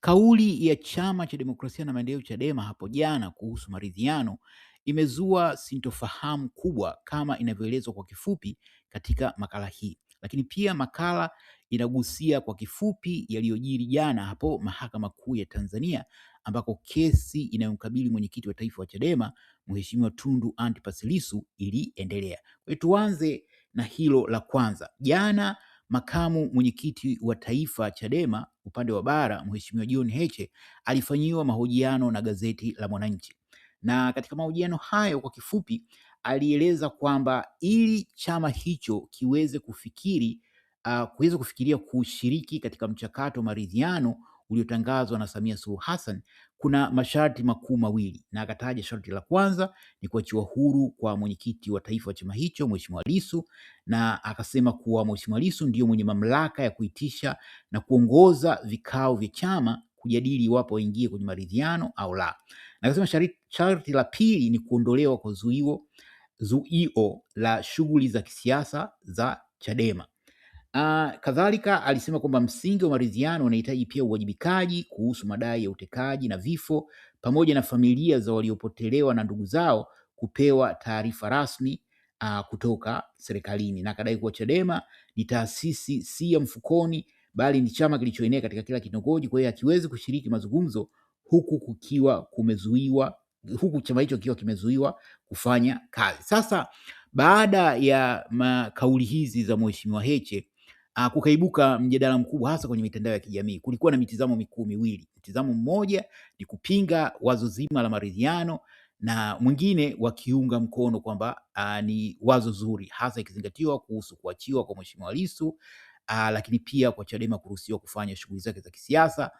Kauli ya chama cha demokrasia na maendeleo Chadema hapo jana kuhusu maridhiano imezua sintofahamu kubwa kama inavyoelezwa kwa kifupi katika makala hii, lakini pia makala inagusia kwa kifupi yaliyojiri jana hapo Mahakama Kuu ya Tanzania ambako kesi inayomkabili mwenyekiti wa taifa wa Chadema Mheshimiwa Tundu Antipas Lissu iliendelea. Kwa hiyo tuanze na hilo la kwanza. Jana Makamu mwenyekiti wa taifa Chadema upande wa bara, Mheshimiwa John Heche alifanyiwa mahojiano na gazeti la Mwananchi, na katika mahojiano hayo kwa kifupi alieleza kwamba ili chama hicho kiweze kufikiri uh, ah, kuweza kufikiria kushiriki katika mchakato maridhiano uliotangazwa na Samia Suluhu Hassan kuna masharti makuu mawili, na akataja sharti la kwanza ni kuachiwa huru kwa mwenyekiti wa taifa wa chama hicho Mheshimiwa Lissu, na akasema kuwa Mheshimiwa Lissu ndiyo mwenye mamlaka ya kuitisha na kuongoza vikao vya chama kujadili iwapo waingie kwenye maridhiano au la. Na akasema sharti, sharti la pili ni kuondolewa kwa zuio zuio la shughuli za kisiasa za Chadema Uh, kadhalika alisema kwamba msingi wa maridhiano unahitaji pia uwajibikaji kuhusu madai ya utekaji na vifo pamoja na familia za waliopotelewa na ndugu zao kupewa taarifa rasmi uh, kutoka serikalini, na akadai kuwa Chadema ni taasisi si ya mfukoni, bali ni chama kilichoenea katika kila kitongoji, kwa hiyo hakiwezi kushiriki mazungumzo huku kukiwa kumezuiwa, huku chama hicho kikiwa kimezuiwa kufanya kazi. Sasa baada ya kauli hizi za Mheshimiwa Heche Ah, kukaibuka mjadala mkubwa hasa kwenye mitandao ya kijamii. Kulikuwa na mitizamo mikuu miwili. Mtizamo mmoja ni kupinga wazo zima la maridhiano na mwingine wakiunga mkono kwamba ah, ni wazo zuri, hasa ikizingatiwa kuhusu kuachiwa kwa Mheshimiwa uh, lakini pia kwa Chadema kuruhusiwa kufanya shughuli zake za kisiasa,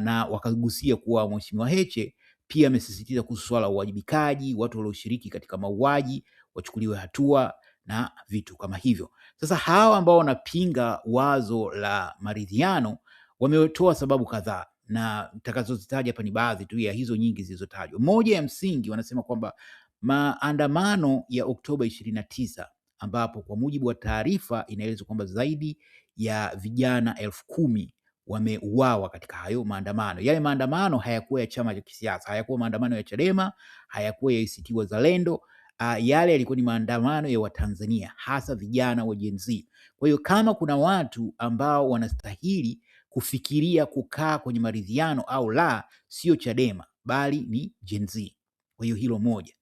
na wakagusia kuwa Mheshimiwa Heche pia amesisitiza kuhusu swala la uwajibikaji, watu walioshiriki katika mauaji wachukuliwe hatua na vitu kama hivyo. Sasa hawa ambao wanapinga wazo la maridhiano wametoa sababu kadhaa na nitakazozitaja hapa ni baadhi tu ya hizo nyingi zilizotajwa. Moja ya msingi, wanasema kwamba maandamano ya Oktoba ishirini na tisa ambapo kwa mujibu wa taarifa inaelezwa kwamba zaidi ya vijana elfu kumi wameuawa katika hayo maandamano. Yale maandamano hayakuwa ya chama cha kisiasa, hayakuwa maandamano ya Chadema, hayakuwa ya ACT Wazalendo, uh, yale yalikuwa ni maandamano ya Watanzania hasa vijana wa Gen Z. Kwa hiyo kama kuna watu ambao wanastahili kufikiria kukaa kwenye maridhiano au la, sio Chadema bali ni Gen Z. Kwa hiyo hilo moja,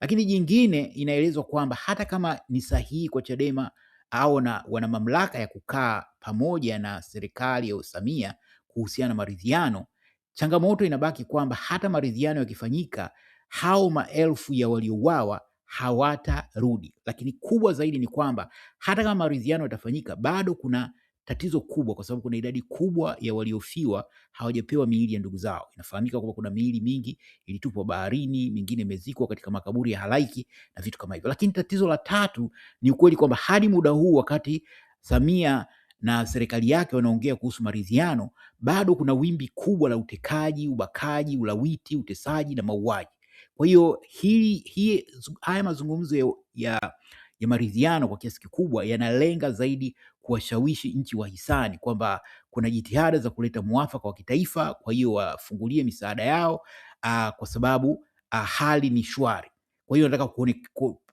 lakini jingine inaelezwa kwamba hata kama ni sahihi kwa Chadema au na, wana mamlaka ya kukaa pamoja na serikali ya usamia kuhusiana na maridhiano, changamoto inabaki kwamba hata maridhiano yakifanyika, hao maelfu ya waliouawa hawatarudi. Lakini kubwa zaidi ni kwamba hata kama maridhiano yatafanyika, bado kuna tatizo kubwa, kwa sababu kuna idadi kubwa ya waliofiwa hawajapewa miili ya ndugu zao. Inafahamika kwamba kuna miili mingi ilitupwa baharini, mingine imezikwa katika makaburi ya halaiki na vitu kama hivyo. Lakini tatizo la tatu ni ukweli kwamba hadi muda huu, wakati Samia na serikali yake wanaongea kuhusu maridhiano, bado kuna wimbi kubwa la utekaji, ubakaji, ulawiti, utesaji na mauaji. Kwa hiyo hii hii haya mazungumzo ya, ya, ya maridhiano kwa kiasi kikubwa yanalenga zaidi kuwashawishi nchi wahisani kwamba kuna jitihada za kuleta mwafaka wa kitaifa, kwa hiyo wafungulie misaada yao aa, kwa sababu aa, hali ni shwari. Kwa hiyo nataka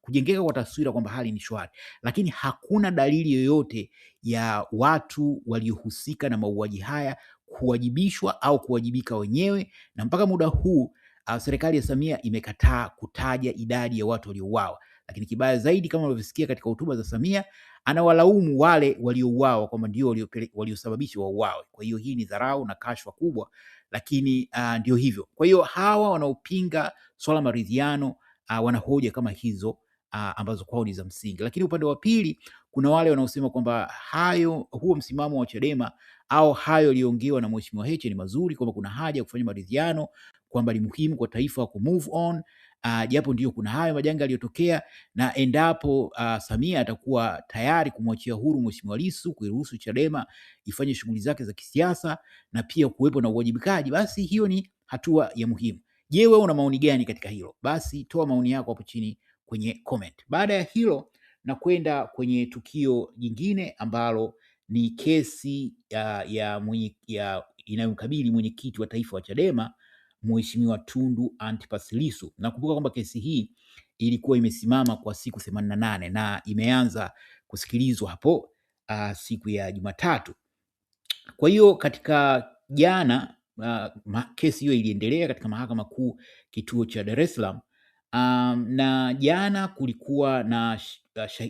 kujengeka kwa taswira kwamba hali ni shwari, lakini hakuna dalili yoyote ya watu waliohusika na mauaji haya kuwajibishwa au kuwajibika wenyewe, na mpaka muda huu Ah, serikali ya Samia imekataa kutaja idadi ya watu waliouawa, lakini kibaya zaidi, kama ulivyosikia katika hotuba za Samia, anawalaumu wale waliouawa kwamba ndio waliosababisha wauawe. Kwa hiyo hii ni dharau na kashfa kubwa, lakini uh, ndio hivyo. Kwa hiyo hawa wanaopinga swala maridhiano uh, ah, wanahoja kama hizo uh, ambazo kwao ni za msingi, lakini upande wa pili kuna wale wanaosema kwamba hayo, huo msimamo wa Chadema au hayo yaliyoongewa na mheshimiwa Heche ni mazuri, kwamba kuna haja ya kufanya maridhiano, kwamba ni muhimu kwa taifa ku move on uh, japo ndiyo kuna hayo majanga yaliyotokea, na endapo uh, Samia atakuwa tayari kumwachia huru mheshimiwa Lissu, kuiruhusu Chadema ifanye shughuli zake za kisiasa na pia kuwepo na uwajibikaji, basi hiyo ni hatua ya muhimu. Je, wewe una maoni gani katika hilo? Basi toa maoni yako hapo chini kwenye comment. Baada ya hilo na kwenda kwenye tukio jingine ambalo ni kesi ya, ya, ya inayomkabili mwenyekiti wa taifa wa Chadema Mheshimiwa Tundu Antipas Lissu. Nakumbuka kwamba kesi hii ilikuwa imesimama kwa siku themanini na nane na imeanza kusikilizwa hapo uh, siku ya Jumatatu. Kwa hiyo katika jana uh, kesi hiyo iliendelea katika mahakama kuu kituo cha Dar es Salaam. Um, na jana kulikuwa na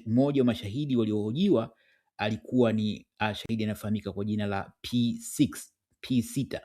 mmoja wa mashahidi waliohojiwa alikuwa ni uh, shahidi anafahamika kwa jina la P6, P6.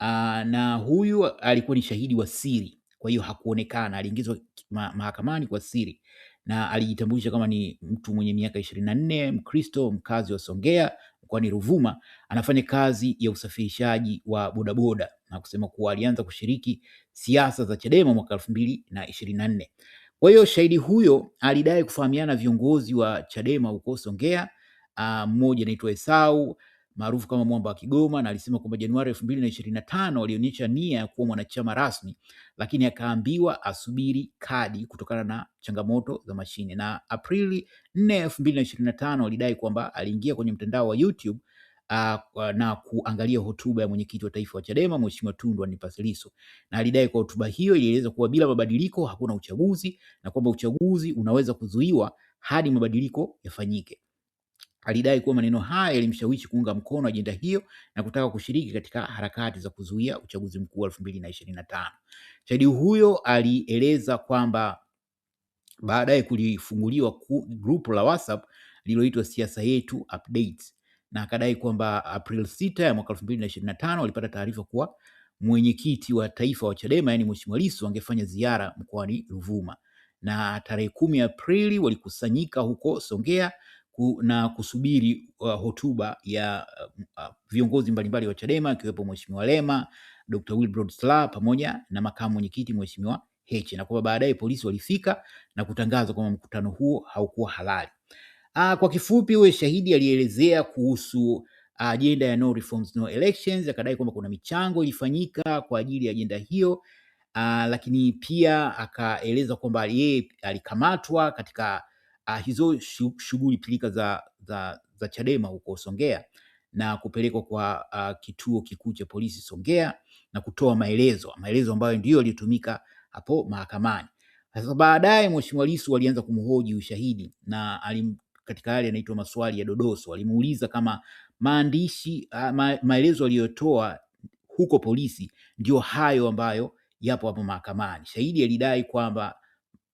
Uh, na huyu alikuwa ni shahidi wa siri, kwa hiyo hakuonekana, aliingizwa ma mahakamani kwa siri na alijitambulisha kama ni mtu mwenye miaka ishirini na nne, Mkristo, mkazi wa Songea mkoani Ruvuma, anafanya kazi ya usafirishaji wa bodaboda na kusema kuwa alianza kushiriki siasa za Chadema mwaka elfu mbili na ishirini na nne. Kwa hiyo shahidi huyo alidai kufahamiana viongozi wa Chadema huko Songea Ah, mmoja anaitwa Esau maarufu kama mwamba wa Kigoma, na alisema kwamba Januari elfu mbili na ishirini na tano alionyesha nia ya kuwa mwanachama rasmi, lakini akaambiwa asubiri kadi kutokana na changamoto za mashine. Na Aprili nne elfu mbili na ishirini na tano alidai kwamba aliingia kwenye mtandao wa YouTube uh, na kuangalia hotuba ya mwenyekiti wa taifa wa Chadema Mheshimiwa Tundu Antipas Lissu, na alidai kwa hotuba hiyo ilieleza kuwa bila mabadiliko hakuna uchaguzi na kwamba uchaguzi unaweza kuzuiwa hadi mabadiliko yafanyike alidai kuwa maneno haya yalimshawishi kuunga mkono ajenda hiyo na kutaka kushiriki katika harakati za kuzuia uchaguzi mkuu wa elfu mbili na ishirini na tano. Shahidi huyo alieleza kwamba baadaye kulifunguliwa grupu la WhatsApp lililoitwa siasa yetu updates, na akadai kwamba April sita ya mwaka elfu mbili na ishirini na tano alipata taarifa kuwa mwenyekiti wa taifa wa Chadema yani Mheshimiwa Lissu angefanya ziara mkoani Ruvuma na tarehe kumi Aprili walikusanyika huko Songea na kusubiri uh, hotuba ya uh, uh viongozi mbalimbali wa Chadema akiwepo Mheshimiwa Lema, Dr. Wilbrod Slaa pamoja na makamu mwenyekiti Mheshimiwa Heche, na kwamba baadaye polisi walifika na kutangaza kwamba mkutano huo haukuwa halali. Uh, kwa kifupi, huyo shahidi alielezea kuhusu uh, ajenda ya no reforms no elections, akadai kwamba kuna michango ilifanyika kwa ajili ya ajenda hiyo. Uh, lakini pia akaeleza kwamba yeye alikamatwa katika uh, hizo shughuli pilika za, za, za Chadema huko Songea na kupelekwa kwa uh, kituo kikuu cha polisi Songea na kutoa maelezo maelezo ambayo ndiyo yaliyotumika hapo mahakamani. Sasa baadaye Mheshimiwa Lissu alianza kumhoji ushahidi na alim, katika yale yanaitwa maswali ya dodoso alimuuliza kama maandishi uh, ma, maelezo aliyotoa huko polisi ndio hayo ambayo yapo hapo mahakamani. Shahidi alidai kwamba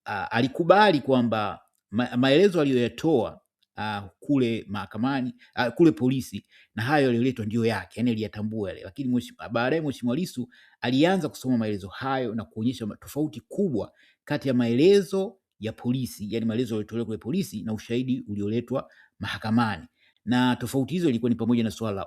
uh, alikubali kwamba ma, maelezo aliyoyatoa uh, kule mahakamani uh, kule polisi na hayo yaliyoletwa ndio yake, yani aliyatambua yale, lakini baadaye Mheshimiwa Lissu alianza kusoma maelezo hayo na kuonyesha tofauti kubwa kati ya maelezo ya polisi, yani maelezo yaliyotolewa kule polisi na ushahidi ulioletwa mahakamani na tofauti hizo ilikuwa ni pamoja na suala la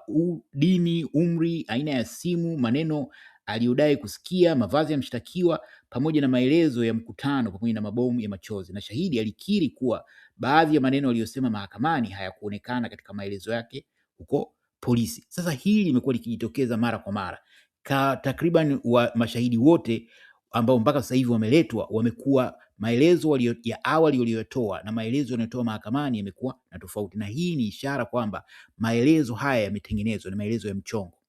dini, umri, aina ya simu, maneno aliyodai kusikia, mavazi ya mshtakiwa, pamoja na maelezo ya mkutano pamoja na mabomu ya machozi, na shahidi alikiri kuwa baadhi ya maneno aliyosema mahakamani hayakuonekana katika maelezo yake huko polisi. Sasa hili limekuwa likijitokeza mara kwa mara ka takriban wa mashahidi wote ambao mpaka sasa hivi wameletwa wamekuwa maelezo walio, ya awali waliyotoa na maelezo yanayotoa mahakamani yamekuwa na tofauti, na hii ni ishara kwamba maelezo haya yametengenezwa, ni maelezo ya mchongo.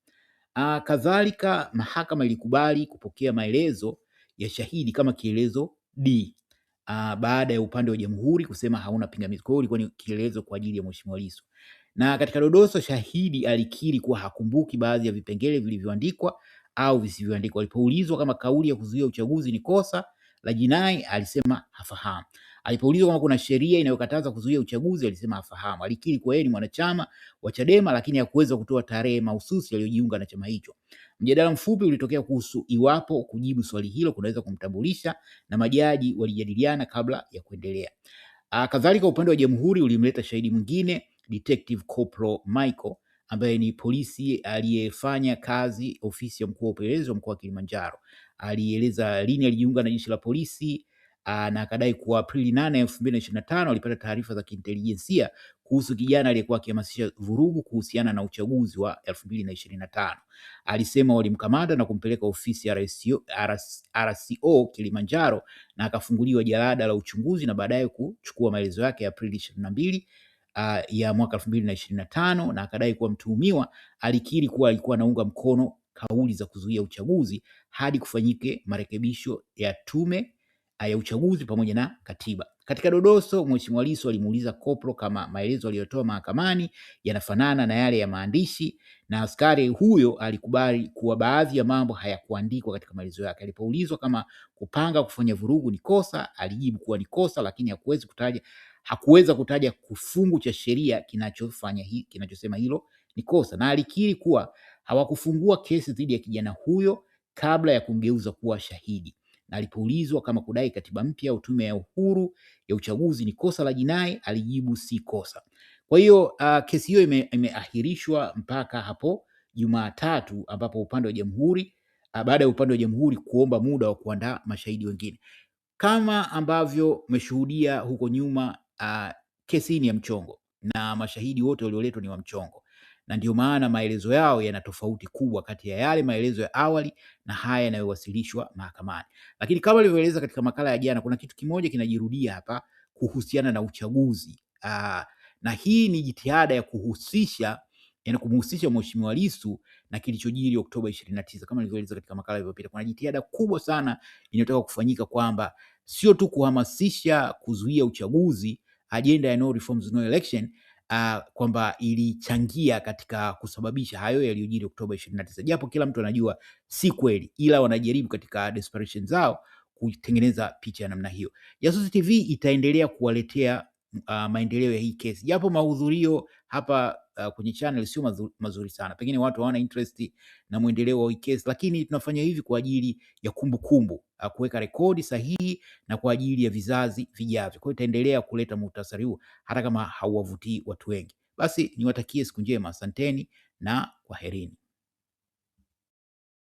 Uh, kadhalika mahakama ilikubali kupokea maelezo ya shahidi kama kielezo D uh, baada ya upande wa jamhuri kusema hauna pingamizi. Kwa hiyo ilikuwa ni kielezo kwa ajili ya Mheshimiwa Lissu. Na katika dodoso, shahidi alikiri kuwa hakumbuki baadhi ya vipengele vilivyoandikwa au visivyoandikwa. Alipoulizwa kama kauli ya kuzuia uchaguzi ni kosa la jinai, alisema hafahamu. Alipoulizwa kama kuna sheria inayokataza kuzuia uchaguzi, alisema afahamu. Alikiri kuwa yeye ni mwanachama wa Chadema lakini hakuweza kutoa tarehe mahususi aliyojiunga na chama hicho. Mjadala mfupi ulitokea kuhusu iwapo kujibu swali hilo kunaweza kumtambulisha na majaji walijadiliana kabla ya kuendelea. Ah, kadhalika, upande wa jamhuri ulimleta shahidi mwingine Detective Corporal Michael ambaye ni polisi aliyefanya kazi ofisi ya mkuu wa upelelezi wa mkoa wa Kilimanjaro. Alieleza lini alijiunga na jeshi la polisi, Ah, na akadai kuwa Aprili nane elfu mbili na ishirini na tano alipata taarifa za kiintelijensia kuhusu kijana aliyekuwa akihamasisha vurugu kuhusiana na uchaguzi wa elfu mbili na ishirini na tano. Alisema walimkamata na kumpeleka ofisi ya RCO, RCO Kilimanjaro na akafunguliwa jalada la uchunguzi na baadaye kuchukua maelezo yake ya Aprili ishirini na mbili Uh, ya mwaka elfu mbili na ishirini na tano na akadai kuwa mtuhumiwa alikiri kuwa alikuwa anaunga mkono kauli za kuzuia uchaguzi hadi kufanyike marekebisho ya tume Eh, ya uchaguzi pamoja na katiba. Katika dodoso, Mheshimiwa Lissu alimuuliza Koplo kama maelezo aliyotoa mahakamani yanafanana na yale ya maandishi, na askari huyo alikubali kuwa baadhi ya mambo hayakuandikwa katika maelezo yake. Alipoulizwa kama kupanga kufanya vurugu ni kosa, alijibu kuwa ni kosa, lakini hakuwezi kutaja hakuweza kutaja kifungu cha sheria kinachofanya hii kinachosema hilo ni kosa, na alikiri kuwa hawakufungua kesi dhidi ya kijana huyo kabla ya kumgeuza kuwa shahidi na alipoulizwa kama kudai katiba mpya au tume ya uhuru ya uchaguzi ni kosa la jinai, alijibu si kosa. Kwa hiyo uh, kesi hiyo ime, imeahirishwa mpaka hapo Jumatatu ambapo upande wa jamhuri uh, baada ya upande wa jamhuri kuomba muda wa kuandaa mashahidi wengine. Kama ambavyo umeshuhudia huko nyuma, uh, kesi ni ya mchongo na mashahidi wote walioletwa ni wa mchongo na ndio maana maelezo yao yana tofauti kubwa kati ya yale maelezo ya awali na haya yanayowasilishwa mahakamani. Lakini kama nilivyoeleza katika makala ya jana, kuna kitu kimoja kinajirudia hapa kuhusiana na uchaguzi aa, na hii ni jitihada ya kuhusisha yani kumhusisha Mheshimiwa Lissu na kilichojiri Oktoba 29. Kama nilivyoeleza katika makala iliyopita, kuna jitihada kubwa sana inayotaka kufanyika kwamba sio tu kuhamasisha kuzuia uchaguzi, ajenda ya no reforms no election, uh, kwamba ilichangia katika kusababisha hayo yaliyojiri Oktoba 29, japo kila mtu anajua si kweli, ila wanajaribu katika desperation zao kutengeneza picha ya namna hiyo. Jasusi TV itaendelea kuwaletea uh, maendeleo ya hii kesi, japo mahudhurio hapa uh, kwenye channel sio mazuri, mazuri sana. Pengine watu hawana interest na mwendeleo wa kesi, lakini tunafanya hivi kwa ajili ya kumbukumbu, uh, kuweka rekodi sahihi na kwa ajili ya vizazi vijavyo. Kwa hiyo itaendelea kuleta muhtasari huu hata kama hauwavutii watu wengi. Basi niwatakie siku njema, asanteni na kwaherini.